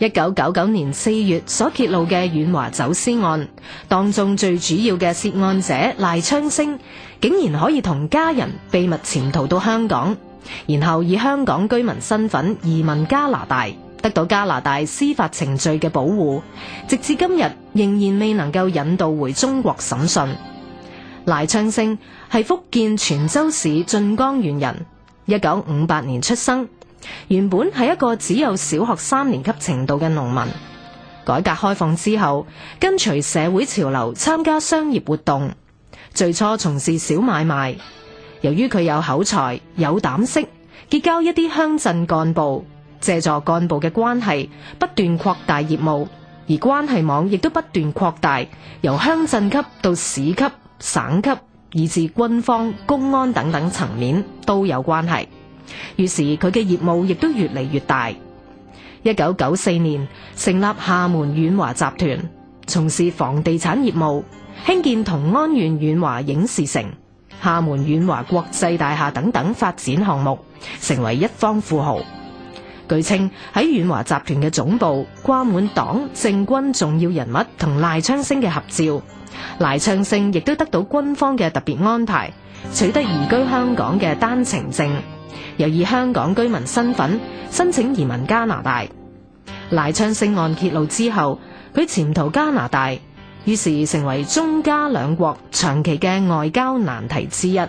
一九九九年四月所揭露嘅遠華走私案，當中最主要嘅涉案者賴昌星，竟然可以同家人秘密潛逃到香港，然後以香港居民身份移民加拿大，得到加拿大司法程序嘅保護，直至今日仍然未能夠引渡回中國審訊。賴昌星係福建泉州市晉江縣人，一九五八年出生。原本係一個只有小學三年級程度嘅農民。改革開放之後，跟隨社會潮流參加商業活動。最初從事小買賣，由於佢有口才、有膽識，結交一啲鄉鎮幹部，借助幹部嘅關係，不斷擴大業務，而關係網亦都不斷擴大，由鄉鎮級到市級、省級，以至軍方、公安等等層面都有關係。於是佢嘅業務亦都越嚟越大。一九九四年成立廈門遠華集團，從事房地產業務，興建同安縣遠華影視城、廈門遠華國際大廈等等發展項目，成為一方富豪。據稱喺遠華集團嘅總部掛滿黨政軍重要人物同賴昌星嘅合照，賴昌星亦都得到軍方嘅特別安排，取得移居香港嘅單程證。又以香港居民身份申請移民加拿大，賴昌星案揭露之後，佢潛逃加拿大，於是成為中加兩國長期嘅外交難題之一。